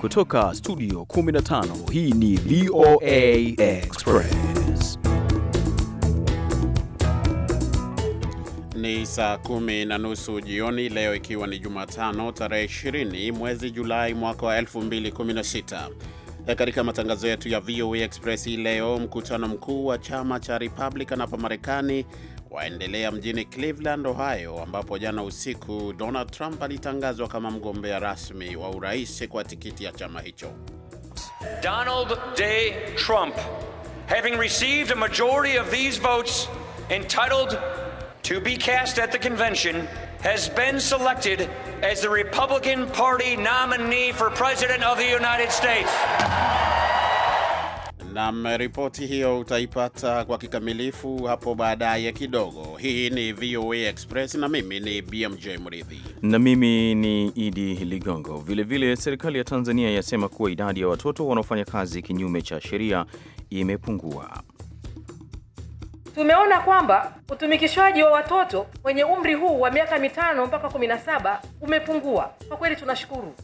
Kutoka studio 15 hii ni VOA Express. Ni saa kumi na nusu jioni leo, ikiwa ni Jumatano tarehe 20 mwezi Julai mwaka wa 2016. E, katika matangazo yetu ya VOA Express hii leo, mkutano mkuu wa chama cha Republican hapa Marekani waendelea mjini Cleveland, Ohio, ambapo jana usiku Donald Trump alitangazwa kama mgombea rasmi wa urais kwa tikiti ya chama hicho. Donald J. Trump having received a majority of these votes entitled to be cast at the convention has been selected as the Republican Party nominee for President of the United States. Nam, ripoti hiyo utaipata kwa kikamilifu hapo baadaye kidogo. Hii ni VOA Express na mimi ni BMJ Mridhi na mimi ni Idi Ligongo. Vilevile, serikali ya Tanzania yasema kuwa idadi ya watoto wanaofanya kazi kinyume cha sheria imepungua. Tumeona kwamba utumikishwaji wa watoto wenye umri huu wa miaka mitano mpaka 17 umepungua. Kwa kweli tunashukuru.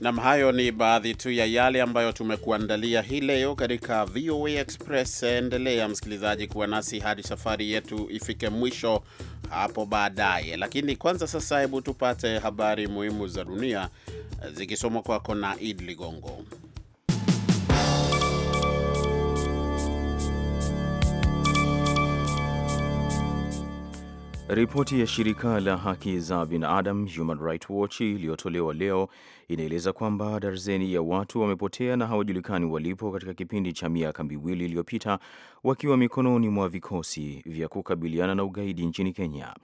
Nam, hayo ni baadhi tu ya yale ambayo tumekuandalia hii leo katika VOA Express. Endelea msikilizaji kuwa nasi hadi safari yetu ifike mwisho hapo baadaye, lakini kwanza sasa, hebu tupate habari muhimu za dunia zikisomwa kwako na Id Ligongo. Ripoti ya shirika la haki za binadamu Human Rights Watch iliyotolewa leo inaeleza kwamba darzeni ya watu wamepotea na hawajulikani walipo katika kipindi cha miaka miwili iliyopita wakiwa mikononi mwa vikosi vya kukabiliana na ugaidi nchini Kenya.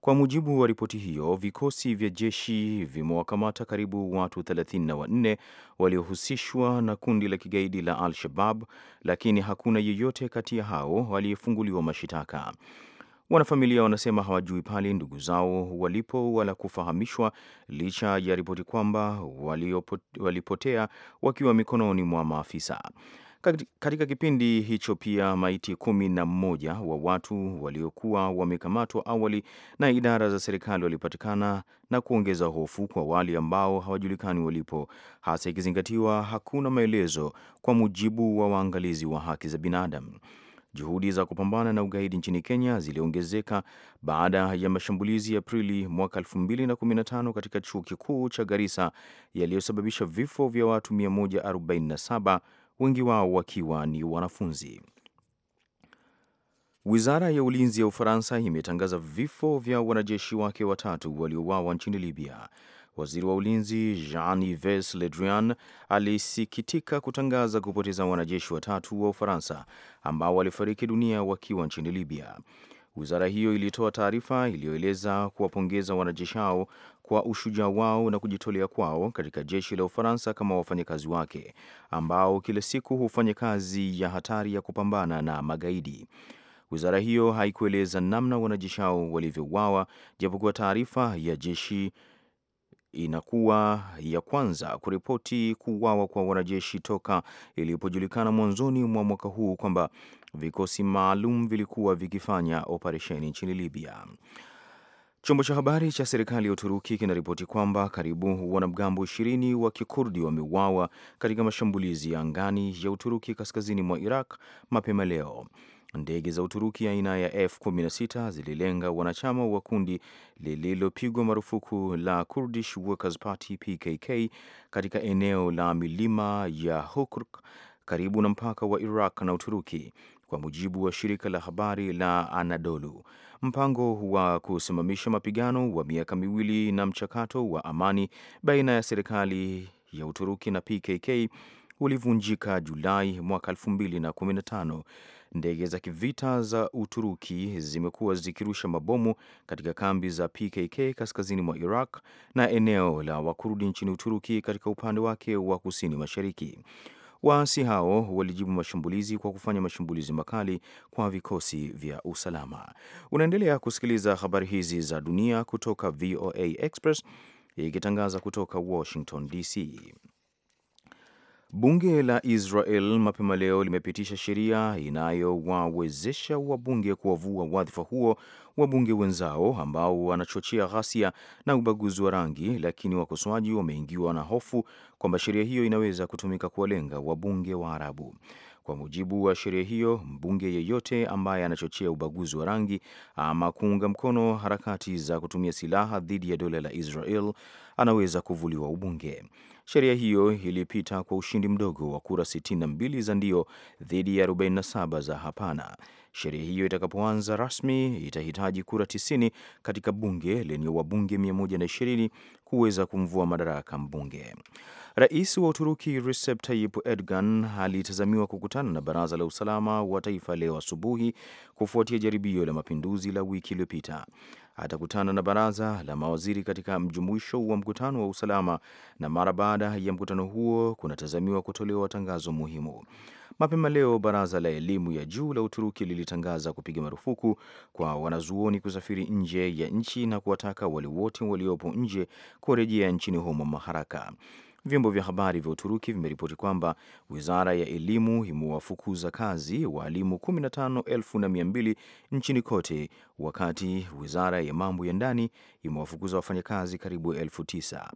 Kwa mujibu wa ripoti hiyo, vikosi vya jeshi vimewakamata karibu watu 34 na waliohusishwa na kundi la kigaidi la Al-Shabab, lakini hakuna yeyote kati ya hao aliyefunguliwa mashitaka. Wanafamilia wanasema hawajui pale ndugu zao walipo wala kufahamishwa, licha ya ripoti kwamba walipotea wakiwa mikononi mwa maafisa. Katika kipindi hicho pia maiti kumi na mmoja wa watu waliokuwa wamekamatwa awali na idara za serikali walipatikana na kuongeza hofu kwa wale ambao hawajulikani walipo, hasa ikizingatiwa hakuna maelezo, kwa mujibu wa waangalizi wa haki za binadamu. Juhudi za kupambana na ugaidi nchini Kenya ziliongezeka baada ya mashambulizi ya Aprili mwaka 2015 katika chuo kikuu cha Garissa yaliyosababisha vifo vya watu 147, wengi wao wakiwa ni wanafunzi. Wizara ya ulinzi ya Ufaransa imetangaza vifo vya wanajeshi wake watatu waliouawa nchini Libya. Waziri wa ulinzi Jean-Yves Le Drian alisikitika kutangaza kupoteza wanajeshi watatu wa Ufaransa ambao walifariki dunia wakiwa nchini Libya. Wizara hiyo ilitoa taarifa iliyoeleza kuwapongeza wanajeshi hao kwa ushujaa wao na kujitolea kwao katika jeshi la Ufaransa kama wafanyakazi wake ambao kila siku hufanya kazi ya hatari ya kupambana na magaidi. Wizara hiyo haikueleza namna wanajeshi hao walivyouawa, japokuwa taarifa ya jeshi inakuwa ya kwanza kuripoti kuuawa kwa wanajeshi toka ilipojulikana mwanzoni mwa mwaka huu kwamba vikosi maalum vilikuwa vikifanya operesheni nchini Libya. Chombo cha habari cha serikali ya Uturuki kinaripoti kwamba karibu wanamgambo ishirini wa kikurdi wameuawa katika mashambulizi ya angani ya Uturuki kaskazini mwa Iraq mapema leo. Ndege za Uturuki aina ya F-16 zililenga wanachama wa kundi lililopigwa marufuku la Kurdish Workers Party PKK katika eneo la milima ya Hokurk karibu na mpaka wa Iraq na Uturuki, kwa mujibu wa shirika la habari la Anadolu. Mpango wa kusimamisha mapigano wa miaka miwili na mchakato wa amani baina ya serikali ya Uturuki na PKK ulivunjika Julai mwaka 2015 Ndege za kivita za Uturuki zimekuwa zikirusha mabomu katika kambi za PKK kaskazini mwa Iraq na eneo la wakurudi nchini Uturuki katika upande wake wa kusini mashariki. Waasi hao walijibu mashambulizi kwa kufanya mashambulizi makali kwa vikosi vya usalama. Unaendelea kusikiliza habari hizi za dunia kutoka VOA Express ikitangaza kutoka Washington DC. Bunge la Israel mapema leo limepitisha sheria inayowawezesha wabunge kuwavua wadhifa huo wabunge wenzao ambao wanachochea ghasia na ubaguzi wa rangi, lakini wakosoaji wameingiwa na hofu kwamba sheria hiyo inaweza kutumika kuwalenga wabunge wa Arabu. Kwa mujibu wa sheria hiyo, mbunge yeyote ambaye anachochea ubaguzi wa rangi ama kuunga mkono harakati za kutumia silaha dhidi ya dola la Israel anaweza kuvuliwa ubunge. Sheria hiyo ilipita kwa ushindi mdogo wa kura 62 za ndio dhidi ya 47 za hapana. Sheria hiyo itakapoanza rasmi itahitaji kura 90 katika bunge lenye wabunge 120 kuweza kumvua madaraka mbunge. Rais wa Uturuki Recep Tayyip Erdogan alitazamiwa kukutana na baraza la usalama wa taifa leo asubuhi kufuatia jaribio la mapinduzi la wiki iliyopita. Atakutana na baraza la mawaziri katika mjumuisho wa mkutano wa usalama, na mara baada ya mkutano huo kunatazamiwa kutolewa tangazo muhimu. Mapema leo baraza la elimu ya juu la Uturuki lilitangaza kupiga marufuku kwa wanazuoni kusafiri nje ya nchi na kuwataka wale wote waliopo nje kurejea nchini humo maharaka. Vyombo vya habari vya Uturuki vimeripoti kwamba wizara ya elimu imewafukuza kazi waalimu 15,200 nchini kote, wakati wizara ya mambo ya ndani imewafukuza wafanyakazi karibu elfu tisa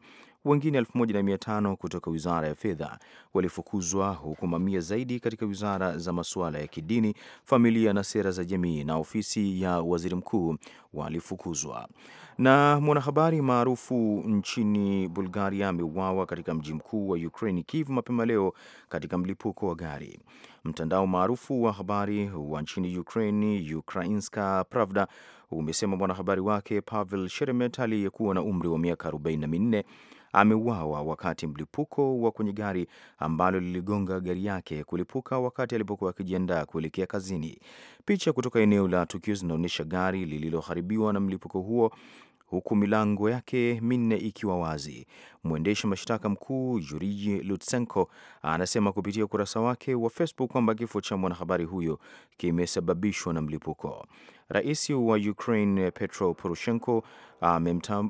wengine 1500 kutoka wizara ya fedha walifukuzwa, huku mamia zaidi katika wizara za masuala ya kidini, familia na sera za jamii na ofisi ya waziri mkuu walifukuzwa. Na mwanahabari maarufu nchini Bulgaria ameuawa katika mji mkuu wa Ukraine Kiev mapema leo katika mlipuko wa gari. Mtandao maarufu wa habari wa nchini Ukraine Ukrainska Pravda umesema mwanahabari wake Pavel Sheremet aliyekuwa na umri wa miaka 44 ameuawa wakati mlipuko wa kwenye gari ambalo liligonga gari yake kulipuka wakati alipokuwa akijiandaa kuelekea kazini. Picha kutoka eneo la tukio zinaonyesha gari lililoharibiwa na mlipuko huo huku milango yake minne ikiwa wazi. Mwendesha mashtaka mkuu juriji Lutsenko anasema kupitia ukurasa wake wa Facebook kwamba kifo cha mwanahabari huyo kimesababishwa na mlipuko. Rais wa Ukraine Petro Poroshenko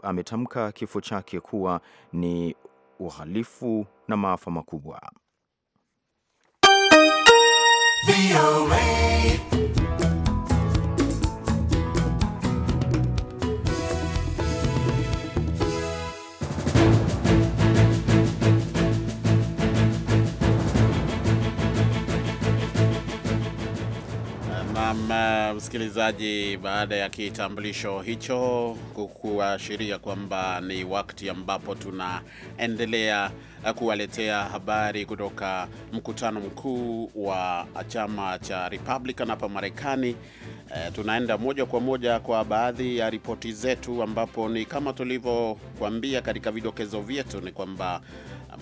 ametamka kifo chake kuwa ni uhalifu na maafa makubwa. na msikilizaji, baada ya kitambulisho hicho kukuashiria kwamba ni wakati ambapo tunaendelea eh, kuwaletea habari kutoka mkutano mkuu wa chama cha Republican hapa Marekani. E, tunaenda moja kwa moja kwa baadhi ya ripoti zetu, ambapo ni kama tulivyokuambia katika vidokezo vyetu ni kwamba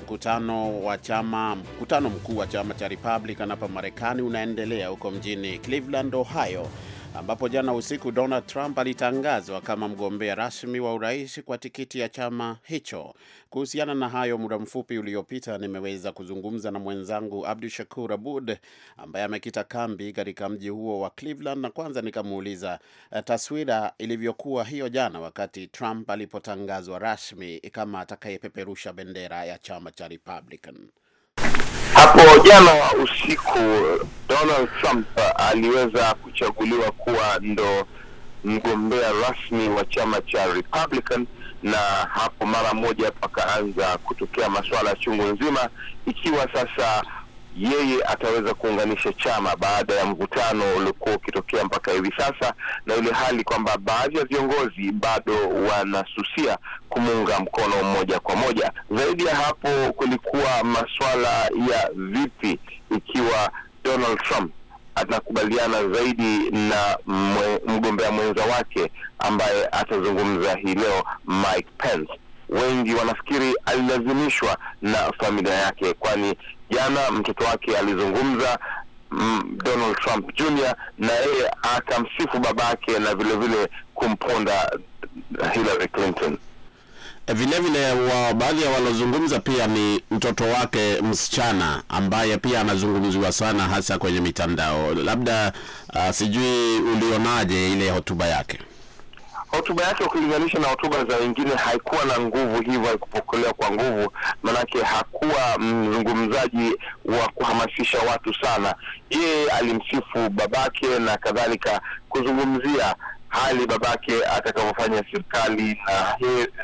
Mkutano wa chama mkutano mkuu wa chama cha Republican hapa Marekani unaendelea huko mjini Cleveland, Ohio ambapo jana usiku Donald Trump alitangazwa kama mgombea rasmi wa urais kwa tikiti ya chama hicho. Kuhusiana na hayo, muda mfupi uliopita nimeweza kuzungumza na mwenzangu Abdu Shakur Abud ambaye amekita kambi katika mji huo wa Cleveland, na kwanza nikamuuliza eh, taswira ilivyokuwa hiyo jana wakati Trump alipotangazwa rasmi kama atakayepeperusha bendera ya chama cha Republican. Hapo jana usiku Donald Trump aliweza kuchaguliwa kuwa ndo mgombea rasmi wa chama cha Republican, na hapo mara moja pakaanza kutokea masuala ya chungu nzima, ikiwa sasa yeye ataweza kuunganisha chama baada ya mvutano uliokuwa ukitokea mpaka hivi sasa, na ile hali kwamba baadhi ya viongozi bado wanasusia kumuunga mkono moja kwa moja. Zaidi ya hapo, kulikuwa masuala ya vipi ikiwa Donald Trump atakubaliana zaidi na mwe, mgombea mwenza wake ambaye atazungumza hii leo Mike Pence. Wengi wanafikiri alilazimishwa na familia yake, kwani jana mtoto wake alizungumza mm, Donald Trump Jr na yeye akamsifu babake na vilevile vile kumponda Hillary Clinton. Vilevile wa baadhi ya waliozungumza pia ni mtoto wake msichana ambaye pia anazungumziwa sana hasa kwenye mitandao. Labda uh, sijui ulionaje ile hotuba yake hotuba yake ukilinganisha na hotuba za wengine haikuwa na nguvu hivyo, haikupokelewa kwa nguvu, manake hakuwa mzungumzaji wa kuhamasisha watu sana. Yeye alimsifu babake na kadhalika, kuzungumzia hali babake atakavyofanya serikali na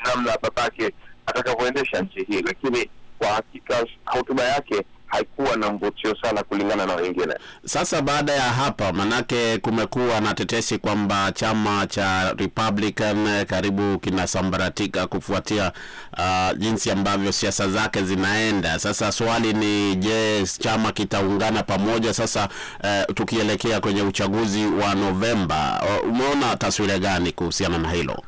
namna babake atakavyoendesha nchi hii, lakini kwa hakika hotuba yake haikuwa na mvutio sana kulingana na wengine. Sasa baada ya hapa, manake kumekuwa na tetesi kwamba chama cha Republican karibu kinasambaratika kufuatia uh, jinsi ambavyo siasa zake zinaenda. Sasa swali ni je, chama kitaungana pamoja sasa, uh, tukielekea kwenye uchaguzi wa Novemba? Oh, umeona taswira gani kuhusiana na hilo?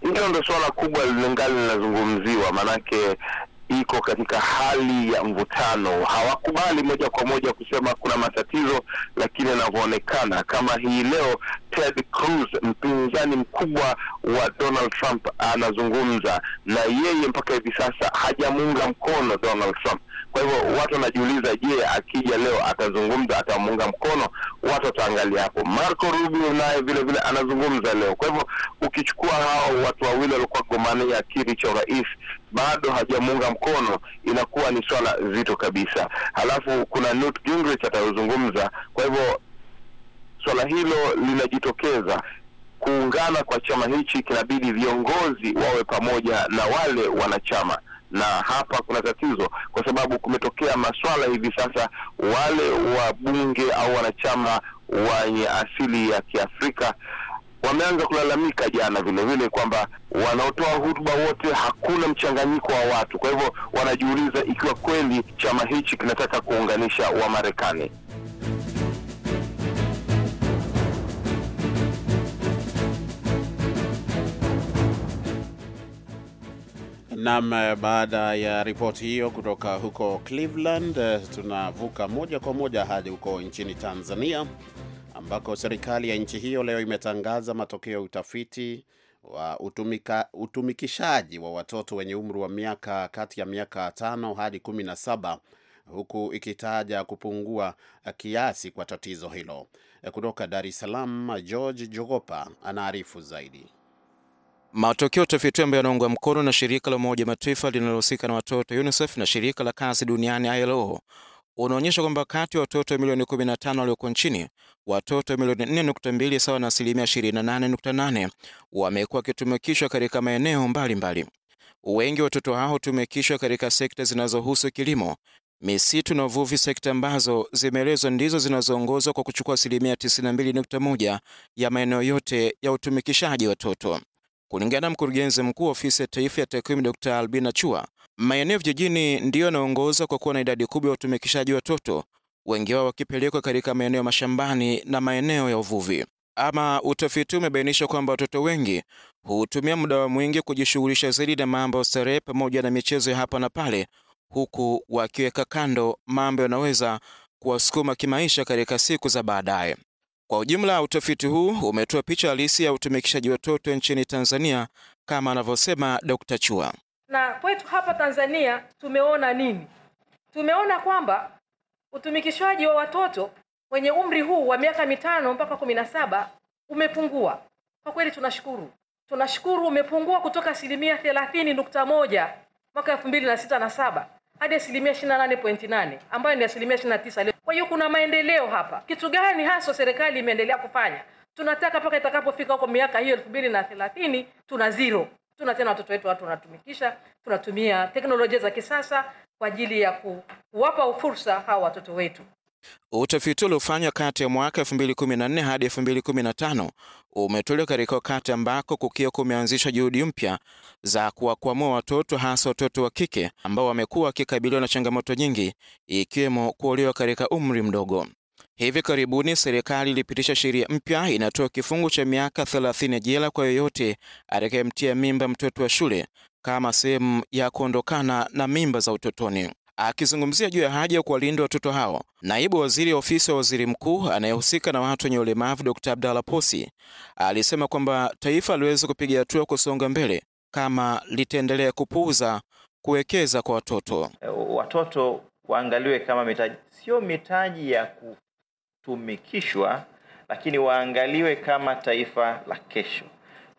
Hilo ndo suala kubwa lingali linazungumziwa, maanake iko katika hali ya mvutano. Hawakubali moja kwa moja kusema kuna matatizo, lakini yanavyoonekana kama hii leo, Ted Cruz mpinzani mkubwa wa Donald Trump anazungumza na yeye, mpaka hivi sasa hajamuunga mkono Donald Trump kwa hivyo watu wanajiuliza, je, akija leo atazungumza, atamuunga mkono? Watu wataangalia hapo. Marco Rubio naye vile vile anazungumza leo. Kwa hivyo ukichukua hao watu wawili walikuwa gomania kiti cha urais bado hajamuunga mkono, inakuwa ni swala zito kabisa. Halafu kuna Newt Gingrich atayozungumza. Kwa hivyo swala hilo linajitokeza kuungana kwa chama hichi, kinabidi viongozi wawe pamoja na wale wanachama na hapa kuna tatizo, kwa sababu kumetokea maswala hivi sasa, wale wabunge au wanachama wenye asili ya Kiafrika wameanza kulalamika jana vile vile kwamba wanaotoa hutuba wote hakuna mchanganyiko wa watu. Kwa hivyo wanajiuliza ikiwa kweli chama hichi kinataka kuunganisha Wamarekani. Nam, eh, baada ya ripoti hiyo kutoka huko Cleveland, eh, tunavuka moja kwa moja hadi huko nchini Tanzania ambako serikali ya nchi hiyo leo imetangaza matokeo ya utafiti wa utumika, utumikishaji wa watoto wenye umri wa miaka kati ya miaka tano hadi kumi na saba huku ikitaja kupungua kiasi kwa tatizo hilo. Eh, kutoka Dar es Salaam, George Jogopa anaarifu zaidi. Matokeo tofauti ambayo yanaungwa mkono na shirika la Umoja Mataifa linalohusika na watoto UNICEF na shirika la kazi duniani ILO unaonyesha kwamba kati ya watoto milioni 15 walioko nchini, watoto milioni 4.2 sawa na asilimia 28.8 wamekuwa wakitumikishwa katika maeneo mbalimbali. Wengi wa watoto hao hutumikishwa katika sekta zinazohusu kilimo, misitu na uvuvi, sekta ambazo zimeelezwa ndizo zinazoongozwa kwa kuchukua asilimia 92.1 ya maeneo yote ya utumikishaji watoto. Kulingana na mkurugenzi mkuu ofisi ya taifa ya takwimu Dr. Albina Chua, maeneo vijijini ndiyo yanaongoza kwa kuwa na idadi kubwa ya utumikishaji watoto, wengi wao wakipelekwa katika maeneo mashambani na maeneo ya uvuvi. Ama utafiti umebainisha kwamba watoto wengi hutumia muda wa mwingi kujishughulisha zaidi na mambo ya starehe pamoja na michezo ya hapa na pale, huku wakiweka kando mambo yanaweza kuwasukuma kimaisha katika siku za baadaye. Kwa ujumla, utafiti huu umetoa picha halisi ya utumikishaji watoto nchini Tanzania kama anavyosema Dr. Chua. Na kwetu hapa Tanzania tumeona nini? Tumeona kwamba utumikishaji wa watoto wenye umri huu wa miaka mitano mpaka kumi na saba umepungua. Kwa kweli tunashukuru, tunashukuru umepungua kutoka asilimia thelathini nukta moja mwaka elfu mbili na sita na saba hadi asilimia nane ambayo ni asilimia 29 leo. Kwa hiyo kuna maendeleo hapa. Kitu gani haswa serikali imeendelea kufanya? Tunataka mpaka itakapofika huko miaka hiyo elfu mbili na thelathini tuna zero, tuna tena watoto wetu watu wanatumikisha, tunatumia teknolojia za kisasa kwa ajili ya kuwapa fursa hawa watoto wetu. Utafiti uliofanywa kati ya mwaka 2014 hadi 2015 umetolewa katika wakati ambako kukiwa kumeanzishwa juhudi mpya za kuwakwamua watoto hasa watoto wa kike ambao wamekuwa wakikabiliwa na changamoto nyingi ikiwemo kuolewa katika umri mdogo. Hivi karibuni serikali ilipitisha sheria mpya inatoa kifungu cha miaka 30 jela kwa yoyote atakayemtia mimba mtoto wa shule kama sehemu ya kuondokana na mimba za utotoni. Akizungumzia juu ya haja ya kuwalinda watoto hao, naibu waziri ofisi wa waziri mkuu anayehusika na watu wenye ulemavu d Abdalla Posi alisema kwamba taifa aliweza kupiga hatua kusonga mbele kama litaendelea kupuuza kuwekeza kwa watoto. E, watoto waangaliwe kama mitaji, sio mitaji ya kutumikishwa, lakini waangaliwe kama taifa la kesho.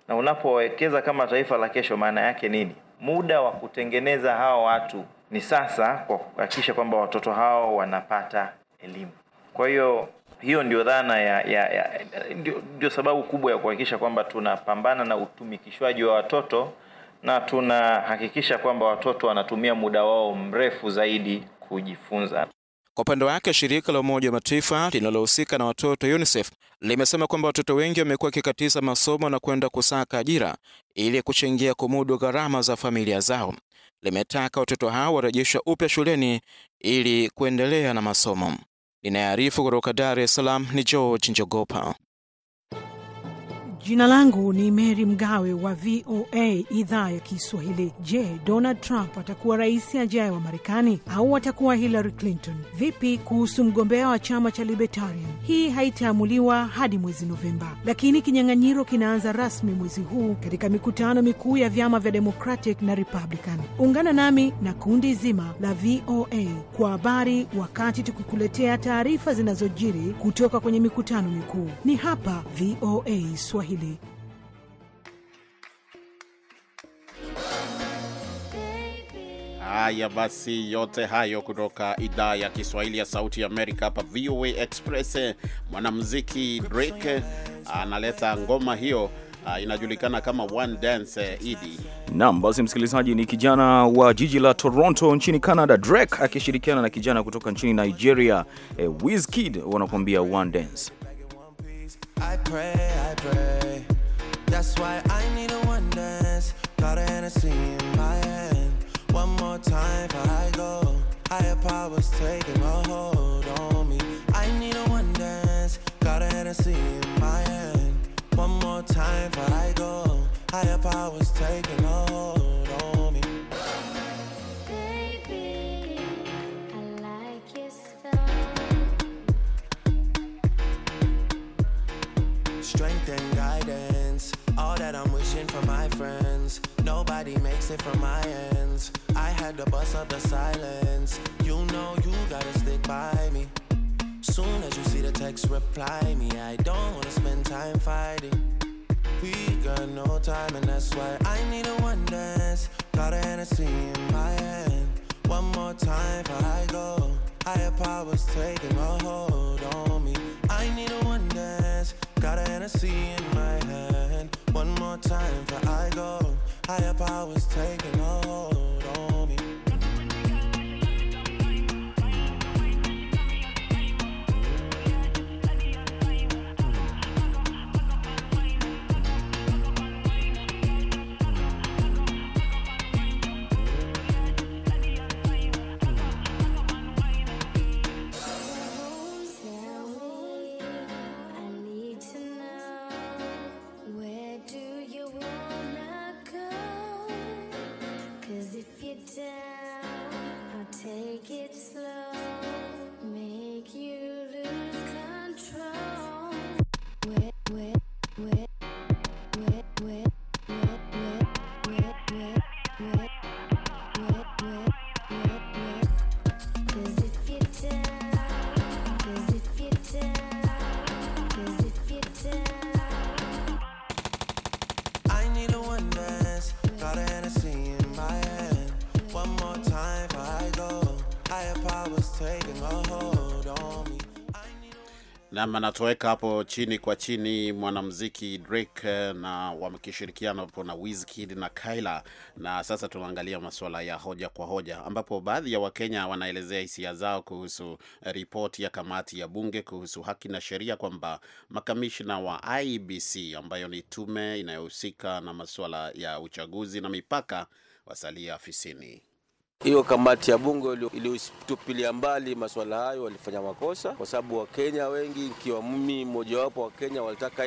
Na unapowekeza kama taifa la kesho, maana yake nini? Muda wa kutengeneza hawa watu ni sasa kwa kuhakikisha kwamba watoto hao wanapata elimu. Kwa hiyo hiyo ndio dhana ya, ya, ya ndio, ndio sababu kubwa ya kuhakikisha kwamba tunapambana na utumikishwaji wa watoto na tunahakikisha kwamba watoto wanatumia muda wao mrefu zaidi kujifunza. Kwa upande wake shirika la Umoja wa Mataifa linalohusika na watoto UNICEF limesema kwamba watoto wengi wamekuwa wakikatiza masomo na kwenda kusaka ajira ili kuchangia kumudu gharama za familia zao limetaka watoto hao warejeshwa upya shuleni ili kuendelea na masomo. Inayoarifu kutoka Dar es Salaam ni George Njogopa. Jina langu ni Mary Mgawe wa VOA idhaa ya Kiswahili. Je, Donald Trump atakuwa rais ajaye wa Marekani au atakuwa Hillary Clinton? Vipi kuhusu mgombea wa chama cha Libertarian? Hii haitaamuliwa hadi mwezi Novemba, lakini kinyang'anyiro kinaanza rasmi mwezi huu katika mikutano mikuu ya vyama vya Democratic na Republican. Ungana nami na kundi zima la VOA kwa habari, wakati tukikuletea taarifa zinazojiri kutoka kwenye mikutano mikuu. Ni hapa VOA Swahili hili. Haya basi, yote hayo kutoka idhaa ya Kiswahili ya Sauti ya Amerika hapa VOA Express. Mwanamuziki Drake analeta ngoma hiyo ah, inajulikana kama One Dance eh, Idi. Naam, basi msikilizaji, ni kijana wa jiji la Toronto nchini Canada, Drake akishirikiana na kijana kutoka nchini Nigeria, eh, Wizkid wanakuambia One Dance. I pray, I pray. That's why I need a one dance. Got a Hennessy in my hand. One more time before I go. Higher powers taking a hold on me. I need a one dance. Got a Hennessy in my hand. One more time before I go. Higher powers taking a hold on me. strength and guidance. All that I'm wishing for my friends. Nobody makes it from my ends. I had to bust up the silence. You know you gotta stick by me. Soon as you see the text, reply me. I don't wanna spend time fighting. We got no time, and that's why I need a one dance. Got a Hennessy in my hand. One more time I go. Higher powers taking a hold on me. I need a one dance. Got a Hennessy in my hand. One more time for I go. Higher powers taking hold. Naam, anatoweka hapo chini kwa chini mwanamziki Drake eh, na wakishirikiana hapo na Wizkid na Kyla. Na sasa tunaangalia masuala ya hoja kwa hoja, ambapo baadhi ya Wakenya wanaelezea hisia zao kuhusu eh, ripoti ya kamati ya bunge kuhusu haki na sheria kwamba makamishna wa ibc ambayo ni tume inayohusika na masuala ya uchaguzi na mipaka wasalia afisini. Hiyo kamati ya bunge iliyotupilia mbali masuala hayo, walifanya makosa kwa sababu Wakenya wengi, ikiwa mimi mmojawapo wa Kenya, walitaka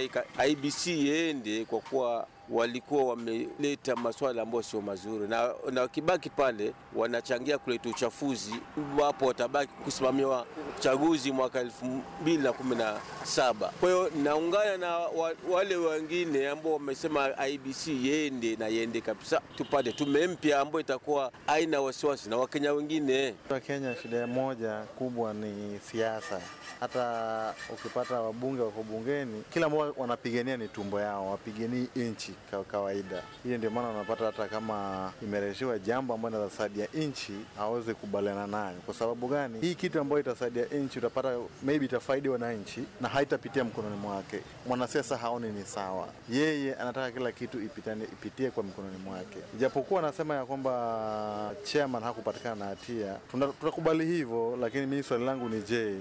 IBC iende kwa kuwa walikuwa wameleta maswala ambayo sio mazuri, na na wakibaki pale wanachangia kuleta uchafuzi, wapo watabaki kusimamiwa uchaguzi mwaka saba. Kwa hiyo naungana na wale wengine ambao wamesema IBC yende na yende kabisa, tupate tume mpya ambayo itakuwa haina wasiwasi na Wakenya wengine. Wakenya, shida moja kubwa ni siasa hata ukipata wabunge wako bungeni, kila mmoja wanapigania ni tumbo yao, wapiganii nchi kawaida. Hiyo ndio maana unapata hata kama imeletewa jambo ambalo linasaidia nchi aweze kubaliana nayo. Kwa sababu gani? Hii kitu ambayo itasaidia nchi utapata maybe itafaidi wananchi na haitapitia mkononi mwake. Mwanasiasa haoni ni sawa, yeye anataka kila kitu ipitane, ipitie kwa mkononi mwake, ijapokuwa anasema ya kwamba chairman hakupatikana na hatia. Tutakubali hivyo, lakini mimi swali langu ni je,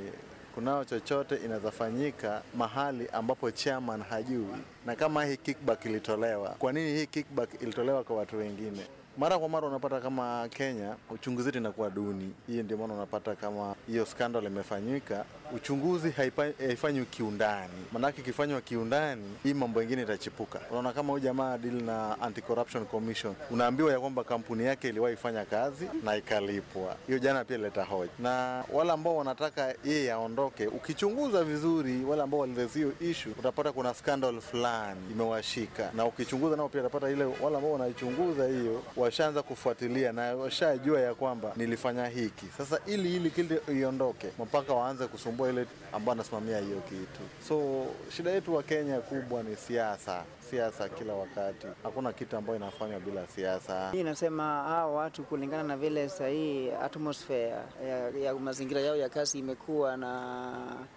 kunao chochote inazafanyika mahali ambapo chairman hajui, na kama hii kickback ilitolewa, kwa nini hii kickback ilitolewa kwa watu wengine? mara kwa mara unapata kama Kenya uchunguzi wetu inakuwa duni. Hii ndio maana unapata kama hiyo scandal imefanyika, uchunguzi haifanywi kiundani, maanake ikifanywa kiundani, hii mambo ingine itachipuka. Unaona kama huyu jamaa deal na Anti-Corruption Commission, unaambiwa ya kwamba kampuni yake iliwahi fanya kazi na ikalipwa. Hiyo jana pia ileta hoja, na wale ambao wanataka yeye aondoke, ukichunguza vizuri, wale ambao walilazi hiyo issue, utapata kuna scandal fulani imewashika, na ukichunguza nao pia utapata ile wale ambao wanaichunguza hiyo wa washaanza kufuatilia na washajua ya kwamba nilifanya hiki. Sasa ili ili kile iondoke, mpaka waanze kusumbua ile ambayo anasimamia hiyo kitu. So shida yetu wa Kenya kubwa ni siasa, siasa kila wakati, hakuna kitu ambayo inafanywa bila siasa. Hii nasema hao watu kulingana na vile sahii atmosphere ya, ya mazingira yao ya kazi imekuwa na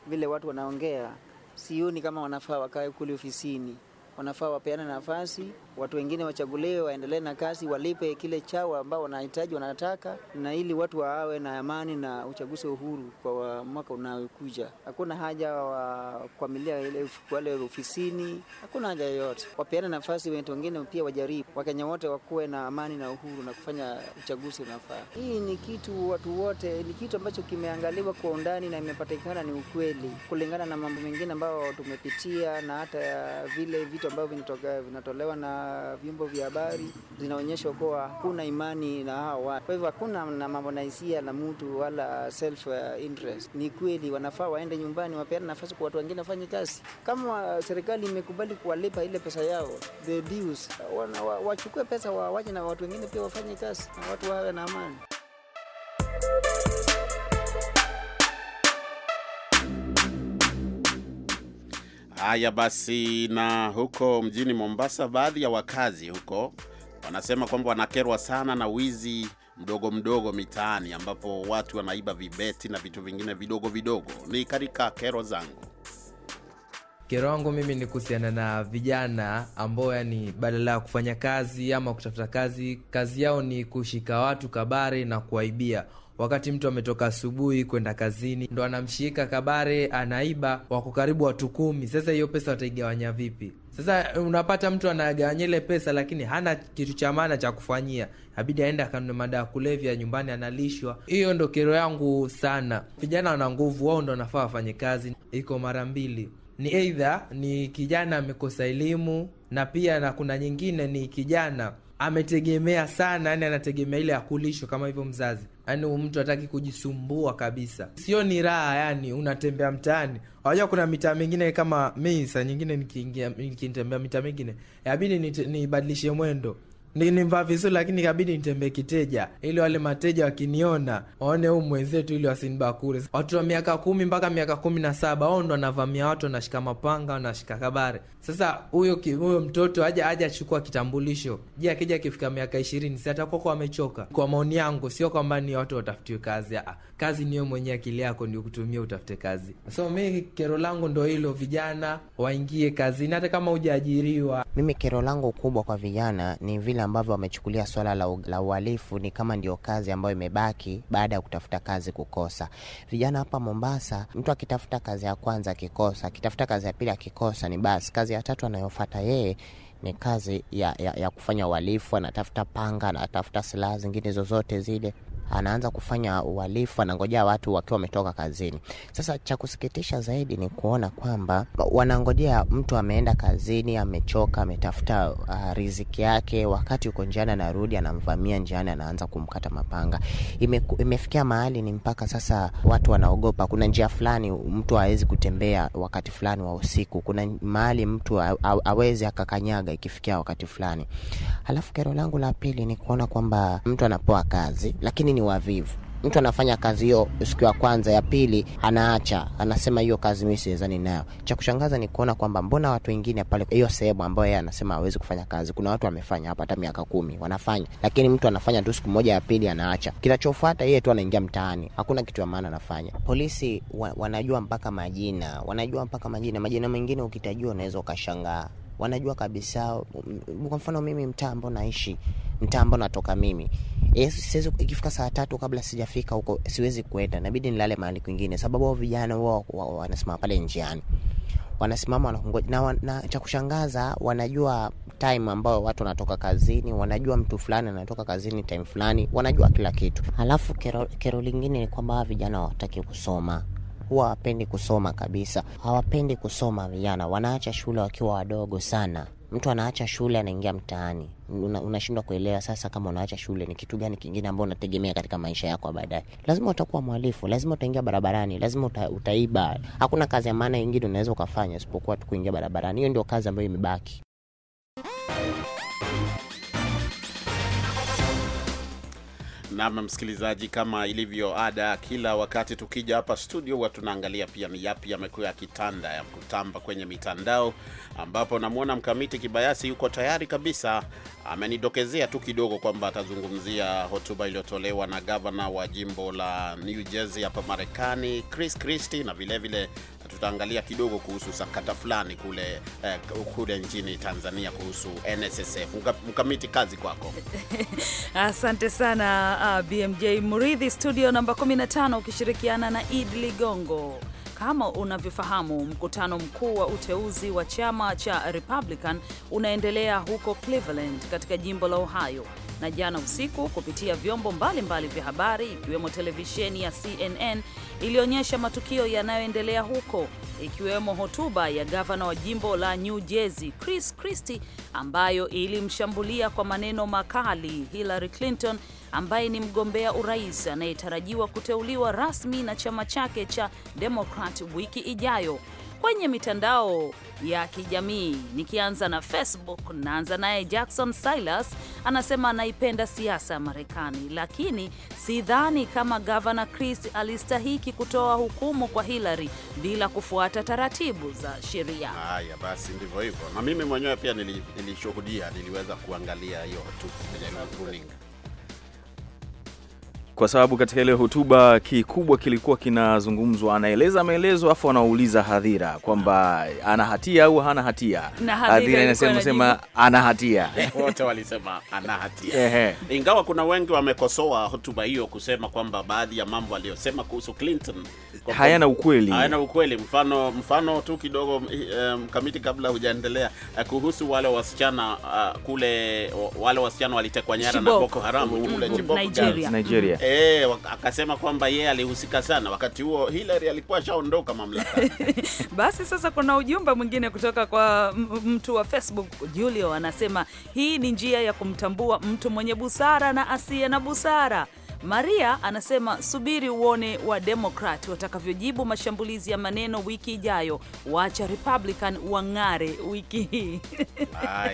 vile watu wanaongea, sioni kama wanafaa wakae kule ofisini, wanafaa wapeane nafasi watu wengine wachaguliwe, waendelee na kazi, walipe kile chao ambao wanahitaji, wanataka, na ili watu wawe na amani na uchaguzi uhuru kwa mwaka unaokuja. Hakuna haja wa kuamilia wale ofisini, hakuna haja yoyote, wapeane nafasi watu wengine pia wajaribu. Wakenya wote wakuwe na amani na uhuru na kufanya uchaguzi unafaa. Hii ni kitu watu wote, ni kitu ambacho kimeangaliwa kwa undani na imepatikana ni ukweli, kulingana na mambo mengine ambayo tumepitia na hata vile vitu ambavyo vinatolewa na vyombo vya habari zinaonyesha kuwa hakuna imani na hao watu. Kwa hivyo hakuna na mambo na hisia na mtu wala self uh, interest. Ni kweli wanafaa waende nyumbani, wapeane nafasi kwa watu wengine wafanye kazi. Kama uh, serikali imekubali kuwalipa ile pesa yao the dues, uh, wachukue pesa wawache na watu wengine pia wafanye kazi na watu wawe na amani. Haya basi, na huko mjini Mombasa, baadhi ya wakazi huko wanasema kwamba wanakerwa sana na wizi mdogo mdogo mitaani, ambapo watu wanaiba vibeti na vitu vingine vidogo vidogo. Ni katika kero zangu. Kero wangu mimi ni kuhusiana na vijana ambao yani badala ya kufanya kazi ama kutafuta kazi, kazi yao ni kushika watu kabare na kuwaibia. Wakati mtu ametoka asubuhi kwenda kazini, ndo anamshika kabare, anaiba, wako karibu watu kumi. Sasa hiyo pesa wataigawanya vipi? Sasa unapata mtu anagawanya ile pesa, lakini hana kitu cha maana cha kufanyia, abidi aende akanunue madawa kulevya, nyumbani analishwa. Hiyo ndo kero yangu sana. Vijana wana nguvu, wao ndo wanafaa wafanye kazi, iko mara mbili ni eidha ni kijana amekosa elimu, na pia na kuna nyingine ni kijana ametegemea sana, yani anategemea ile akulishwa kama hivyo mzazi, yani mtu hataki kujisumbua kabisa, sio ni raha, yani unatembea mtaani. wajua kuna mitaa mingine kama mi saa nyingine nikitembea mitaa mingine yabidi nibadilishe mwendo nilimvaa vizuri lakini ikabidi nitembe kiteja, ili wale mateja wakiniona waone huu mwenzetu, ili wasinibakure. Watu wa miaka kumi mpaka miaka kumi na saba wao ndo wanavamia watu, wanashika mapanga, wanashika kabare. Sasa huyo huyo mtoto aja aja achukua kitambulisho. Je, akija akifika miaka ishirini si atakuwa kuwa amechoka? Kwa maoni yangu, sio kwamba ni watu watafutiwe kazi. Aa, kazi niyo mwenye akili yako ndio kutumia, utafute kazi. So mi kero langu ndo hilo, vijana waingie kazini, hata kama hujaajiriwa mimi kero langu kubwa kwa vijana ni vile ambavyo wamechukulia swala la, la uhalifu ni kama ndio kazi ambayo imebaki baada ya kutafuta kazi kukosa. Vijana hapa Mombasa, mtu akitafuta kazi ya kwanza akikosa, akitafuta kazi ya pili akikosa, ni basi kazi ya tatu anayofata yeye ni kazi ya, ya, ya kufanya uhalifu. Anatafuta panga, anatafuta silaha zingine zozote zile anaanza kufanya uhalifu, anangojea watu wakiwa wametoka kazini. Sasa cha kusikitisha zaidi ni kuona kwamba wanangojea mtu ameenda kazini, amechoka, ametafuta uh, riziki yake, wakati uko njiani anarudi, anamvamia njiani, anaanza kumkata mapanga. Ime, imefikia mahali ni mpaka sasa watu wanaogopa. Kuna njia fulani mtu hawezi kutembea wakati fulani wa usiku, kuna mahali mtu awezi akakanyaga ikifikia wakati fulani. Alafu kero langu la pili ni kuona kwamba mtu anapoa kazi lakini ni ni wavivu. Mtu anafanya kazi hiyo siku ya kwanza, ya pili anaacha, anasema hiyo kazi mimi siwezani nayo. Cha kushangaza ni kuona kwamba mbona watu wengine pale hiyo sehemu ambayo yeye anasema awezi kufanya kazi, kuna watu wamefanya hapa hata miaka kumi wanafanya, lakini mtu anafanya tu siku moja, ya pili anaacha. Kinachofuata yeye tu anaingia mtaani, hakuna kitu ya maana anafanya. Polisi wa, wanajua mpaka majina, wanajua mpaka majina. Majina mengine ukitajua unaweza ukashangaa wanajua kabisa. Kwa mfano mimi mtaa ambao naishi, mtaa ambao natoka mimi eh, siwezi, ikifika saa tatu kabla sijafika huko siwezi kwenda, nabidi nilale mahali kwingine, sababu hao vijana wao wanasimama pale njiani wanasimama wanakungoja na, na cha kushangaza wanajua time ambayo watu wanatoka kazini, wanajua mtu fulani anatoka kazini time fulani, wanajua kila kitu. Alafu kero, kero lingine ni kwamba vijana hawataki kusoma, huwa hawapendi kusoma kabisa, hawapendi kusoma. Vijana wanaacha shule wakiwa wadogo sana. Mtu anaacha shule anaingia mtaani, unashindwa una kuelewa sasa, kama unaacha shule ni kitu gani kingine ambao unategemea katika maisha yako baadaye. Lazima utakuwa mwalifu lazima utaingia barabarani, lazima uta, utaiba. Hakuna kazi ya maana ingine unaweza ukafanya isipokuwa tu kuingia barabarani. Hiyo ndio kazi ambayo imebaki. nam msikilizaji, kama ilivyo ada, kila wakati tukija hapa studio huwa tunaangalia pia ni yapi yamekuwa yakitanda ya kutamba kwenye mitandao, ambapo namwona Mkamiti Kibayasi yuko tayari kabisa. Amenidokezea tu kidogo kwamba atazungumzia hotuba iliyotolewa na gavana wa jimbo la New Jersey hapa Marekani, Chris Christie, na vilevile tutaangalia kidogo kuhusu sakata fulani kule eh, kule nchini Tanzania kuhusu NSSF. Mkamiti, kazi kwako. Asante sana uh, ah, BMJ Muridhi, studio namba 15 ukishirikiana na Id Ligongo. Kama unavyofahamu, mkutano mkuu wa uteuzi wa chama cha Republican unaendelea huko Cleveland katika jimbo la Ohio na jana usiku kupitia vyombo mbalimbali vya habari ikiwemo televisheni ya CNN ilionyesha matukio yanayoendelea huko ikiwemo hotuba ya gavana wa jimbo la New Jersey Chris Christie ambayo ilimshambulia kwa maneno makali Hillary Clinton ambaye ni mgombea urais anayetarajiwa kuteuliwa rasmi na chama chake cha Democrat wiki ijayo kwenye mitandao ya kijamii nikianza na Facebook. Naanza naye Jackson Silas anasema anaipenda siasa ya Marekani, lakini sidhani kama gavana Chris alistahiki kutoa hukumu kwa Hillary bila kufuata taratibu za sheria. Haya basi, ndivyo hivyo, na mimi mwenyewe pia nilishuhudia, niliweza kuangalia hiyo hotuba kwenye runinga kwa sababu katika ile hotuba kikubwa kilikuwa kinazungumzwa, anaeleza maelezo afu anauliza hadhira kwamba ana hatia au hana hatia. Hadhira inasema sema ana hatia, wote walisema ana hatia, ingawa kuna wengi wamekosoa hotuba hiyo kusema kwamba baadhi ya mambo aliyosema kuhusu Clinton hayana ukweli, hayana ukweli. Mfano, mfano tu kidogo eh, mkamiti, um, kabla hujaendelea eh, kuhusu wale wasichana uh, kule wale wasichana walitekwa nyara na Boko Haram kule mm-hmm. Nigeria, Nigeria. E, eh, akasema kwamba yeye alihusika sana. Wakati huo Hillary alikuwa ashaondoka mamlaka. Basi sasa kuna ujumbe mwingine kutoka kwa mtu wa Facebook Julio anasema hii ni njia ya kumtambua mtu mwenye busara na asiye na busara. Maria anasema subiri uone wa Demokrat watakavyojibu mashambulizi ya maneno wiki ijayo, wacha Republican wang'are wiki hii.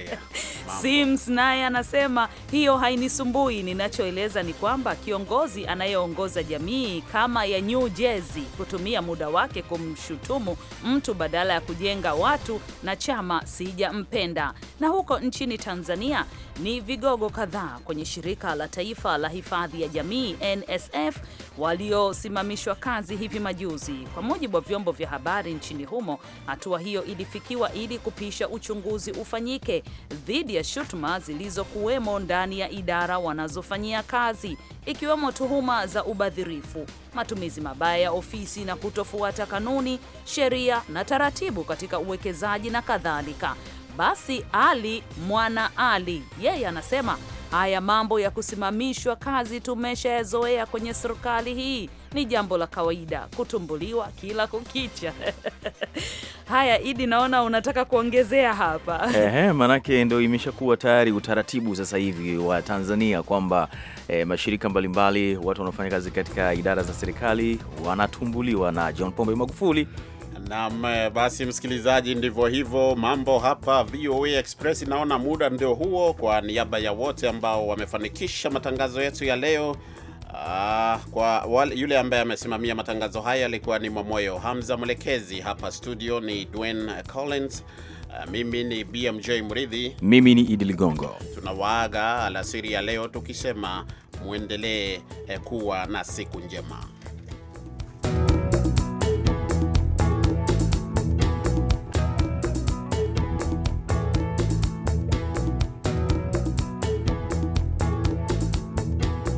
Sims naye anasema hiyo hainisumbui, ninachoeleza ni kwamba kiongozi anayeongoza jamii kama ya New Jersey kutumia muda wake kumshutumu mtu badala ya kujenga watu na chama, sijampenda. Na huko nchini Tanzania ni vigogo kadhaa kwenye shirika la taifa la hifadhi ya jamii jamii NSF waliosimamishwa kazi hivi majuzi. Kwa mujibu wa vyombo vya habari nchini humo, hatua hiyo ilifikiwa ili kupisha uchunguzi ufanyike dhidi ya shutuma zilizokuwemo ndani ya idara wanazofanyia kazi, ikiwemo tuhuma za ubadhirifu, matumizi mabaya ya ofisi na kutofuata kanuni, sheria na taratibu katika uwekezaji na kadhalika. Basi Ali Mwana Ali yeye anasema Haya mambo ya kusimamishwa kazi tumeshayazoea kwenye serikali hii, ni jambo la kawaida kutumbuliwa kila kukicha. Haya, Idi, naona unataka kuongezea hapa. Ehe, manake ndo imeshakuwa tayari utaratibu sasa hivi wa Tanzania kwamba e, mashirika mbalimbali mbali, watu wanaofanya kazi katika idara za serikali wanatumbuliwa na John Pombe Magufuli Naam, eh, basi msikilizaji, ndivyo hivyo mambo hapa VOA Express. Naona muda ndio huo. Kwa niaba ya wote ambao wamefanikisha matangazo yetu ya leo Uh, kwa wale, yule ambaye amesimamia matangazo haya alikuwa ni Mwamoyo Hamza, mwelekezi hapa studio ni Dwayne Collins. Uh, mimi ni BMJ Mridhi, mimi ni Idi Ligongo. Tunawaaga alasiri ya leo tukisema mwendelee eh, kuwa na siku njema.